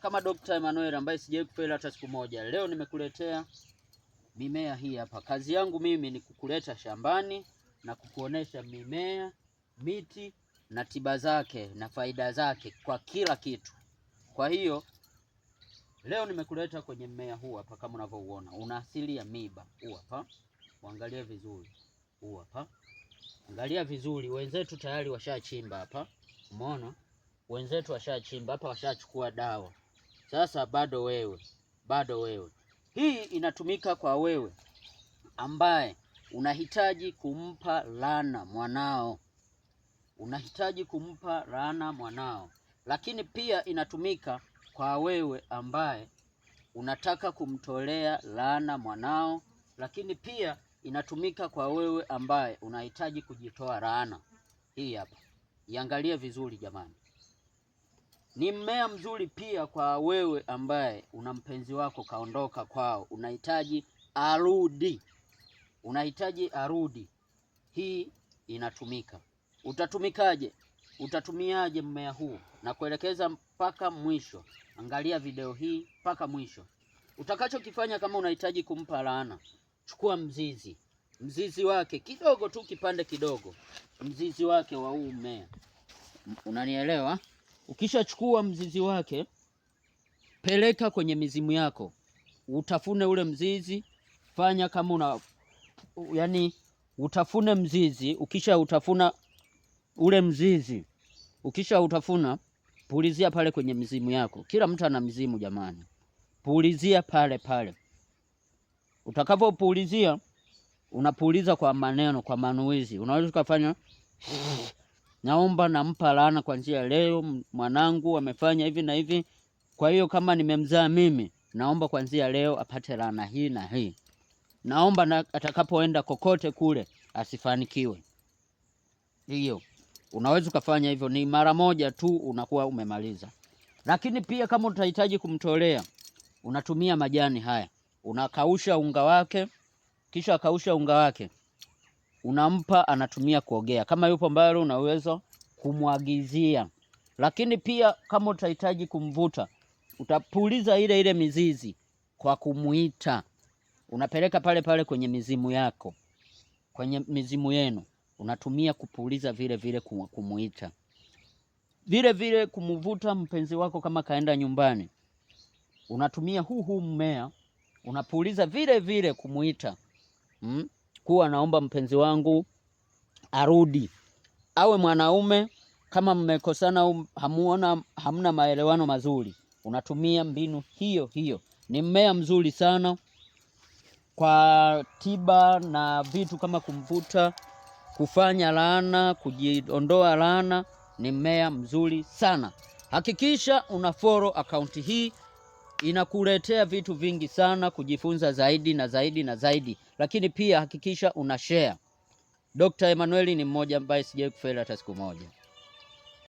Kama Dr. Emmanuel ambaye sijawahi kufeli hata siku moja, leo nimekuletea mimea hii hapa. Kazi yangu mimi ni kukuleta shambani na kukuonesha mimea, miti na tiba zake na faida zake kwa kila kitu. Kwa hiyo leo nimekuleta kwenye mmea huu hapa, kama unavyouona una asili ya miba. Huu hapa, uangalie vizuri. Huu hapa, angalia vizuri. Wenzetu tayari washachimba hapa, umeona wenzetu washachimba hapa, washachukua dawa sasa bado wewe, bado wewe. Hii inatumika kwa wewe ambaye unahitaji kumpa laana mwanao, unahitaji kumpa laana mwanao, lakini pia inatumika kwa wewe ambaye unataka kumtolea laana mwanao, lakini pia inatumika kwa wewe ambaye unahitaji kujitoa laana. Hii hapa, iangalie vizuri jamani. Ni mmea mzuri pia kwa wewe ambaye una mpenzi wako kaondoka kwao, unahitaji arudi, unahitaji arudi. Hii inatumika. Utatumikaje? Utatumiaje mmea huu? Na kuelekeza mpaka mwisho, angalia video hii mpaka mwisho. Utakachokifanya kama unahitaji kumpa laana, chukua mzizi, mzizi wake kidogo tu, kipande kidogo, mzizi wake wa huu mmea, unanielewa? Ukishachukua mzizi wake peleka kwenye mizimu yako, utafune ule mzizi, fanya kama una yani, utafune mzizi. Ukisha utafuna ule mzizi, ukisha utafuna, pulizia pale kwenye mizimu yako. Kila mtu ana mizimu jamani, pulizia pale pale. Utakapopulizia, unapuliza kwa maneno, kwa manuizi, unaweza ukafanya naomba nampa laana kuanzia leo, mwanangu amefanya hivi na hivi, kwa hiyo kama nimemzaa mimi, naomba kwanzia leo apate laana hii na hii. Naomba na atakapoenda kokote kule asifanikiwe. Hiyo unaweza ukafanya hivyo, ni mara moja tu unakuwa umemaliza. Lakini pia kama utahitaji kumtolea, unatumia majani haya, unakausha unga wake, kisha akausha unga wake unampa anatumia kuogea, kama yupo mbali unaweza kumwagizia, lakini pia kama utahitaji kumvuta utapuliza ile ile mizizi kwa kumuita, unapeleka pale pale kwenye mizimu yako, kwenye mizimu yenu unatumia kupuliza vile vile kumuita, vile vile kumvuta mpenzi wako. Kama kaenda nyumbani, unatumia huu huu mmea unapuliza vile vile kumuita, hmm? kuwa naomba mpenzi wangu arudi, awe mwanaume. Kama mmekosana, hamuona, hamna maelewano mazuri, unatumia mbinu hiyo hiyo. Ni mmea mzuri sana kwa tiba na vitu kama kumvuta, kufanya laana, kujiondoa laana. Ni mmea mzuri sana. Hakikisha una follow akaunti hii inakuletea vitu vingi sana kujifunza zaidi na zaidi na zaidi, lakini pia hakikisha una share. Dr. Emmanuel ni mmoja ambaye sijawahi kufeli hata siku moja.